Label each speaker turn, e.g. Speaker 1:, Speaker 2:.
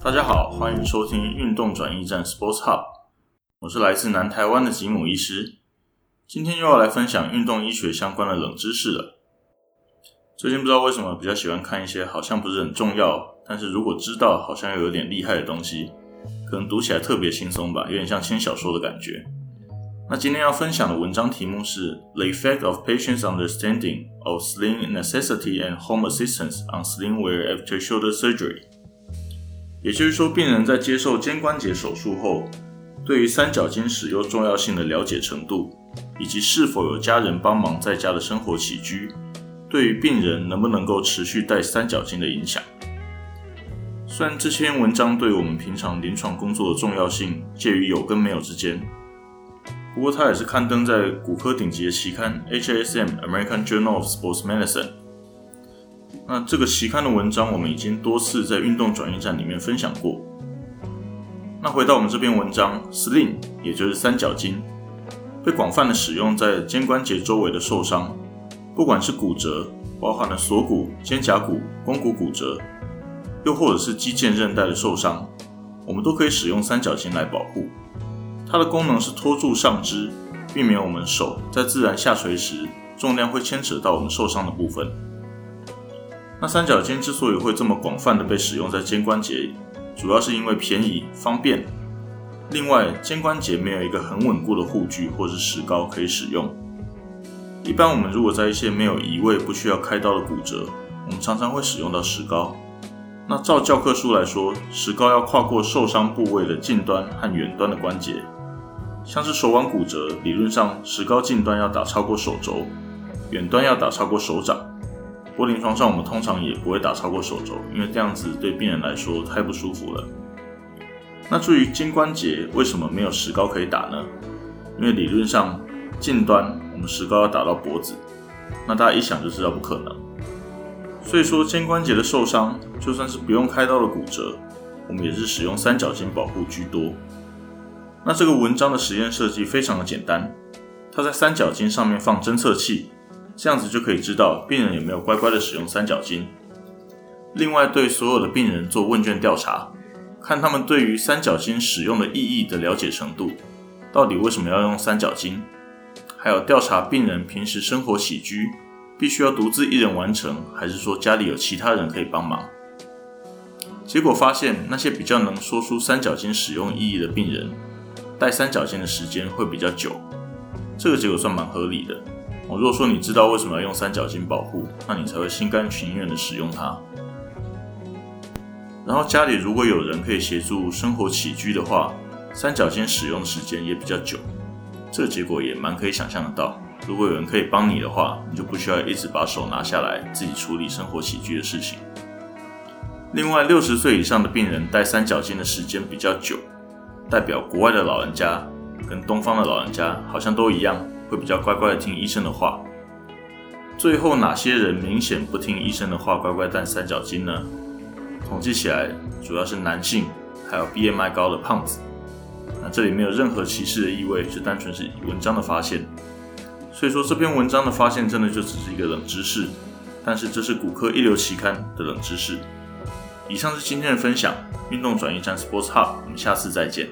Speaker 1: 大家好，歡迎收聽運動轉譯站 Sports Hub，我是來自南台灣的吉姆醫師，今天又要來分享運動醫學相關的冷知識了。最近不知道為什麼比較喜歡看一些好像不是很重要，但是如果知道好像又有點厲害的東西，可能讀起來特別輕鬆吧，有點像輕小說的感覺。那今天要分享的文章題目是 The Effect of Patients' Understanding of Sling Necessity and Home Assistance on Sling Wear After Shoulder Surgery。也就是說，病人在接受肩關節手術後，對於三角巾使用重要性的了解程度，以及是否有家人幫忙在家的生活起居，對於病人能不能夠持續戴三角巾的影響。雖然這篇文章對我們平常臨床工作的重要性介於有跟沒有之間，不過它也是刊登在骨科頂級的期刊《HSM American Journal of Sports Medicine》。那這個期刊的文章，我們已經多次在運動轉譯站裡面分享過。那回到我們這篇文章，sling，也就是三角巾，被廣泛的使用在肩關節周圍的受傷，不管是骨折，包含了鎖骨、肩胛骨、肱骨骨折，又或者是肌腱韌帶的受傷，我們都可以使用三角巾來保護。它的功能是托住上肢，避免我們手在自然下垂時，重量會牽扯到我們受傷的部分。那三角巾之所以會這麼廣泛的被使用在肩關節，主要是因為便宜方便。另外，肩關節沒有一個很穩固的護具或者是石膏可以使用。一般我們如果在一些沒有移位、不需要開刀的骨折，我們常常會使用到石膏。那照教科書來說，石膏要跨過受傷部位的近端和遠端的關節，像是手腕骨折，理論上石膏近端要打超過手肘，遠端要打超過手掌。不過臨床上我們通常也不會打超過手肘，因為這樣子對病人來說太不舒服了。那至於肩關節為什麼沒有石膏可以打呢？因為理論上近端我們石膏要打到脖子，那大家一想就知道不可能。所以說肩關節的受傷，就算是不用開刀的骨折，我們也是使用三角巾保護居多。那這個文章的實驗設計非常的簡單，它在三角巾上面放偵測器。這樣子就可以知道病人有沒有乖乖的使用三角巾。另外，對所有的病人做問卷調查，看他們對於三角巾使用的意義的了解程度，到底為什麼要用三角巾，還有調查病人平時生活起居，必須要獨自一人完成，還是說家裡有其他人可以幫忙。結果發現，那些比較能說出三角巾使用意義的病人，戴三角巾的時間會比較久。這個結果算蠻合理的。我如果說你知道為什麼要用三角巾保護，那你才會心甘情願的使用它。然後家裡如果有人可以協助生活起居的話，三角巾使用的時間也比較久，這個結果也蠻可以想象得到。如果有人可以幫你的話，你就不需要一直把手拿下來自己處理生活起居的事情。另外，六十歲以上的病人戴三角巾的時間比較久，代表國外的老人家跟東方的老人家好像都一樣。會比較乖乖的聽醫生的話。最後哪些人明顯不聽醫生的話，乖乖戴三角巾呢？統計起來，主要是男性，還有 BMI 高的胖子。那這裡沒有任何歧視的意味，就單純是文章的發現。所以說這篇文章的發現真的就只是一個冷知識，但是這是骨科一流期刊的冷知識。以上是今天的分享，運動轉譯站 Sports Hub，我們下次再見。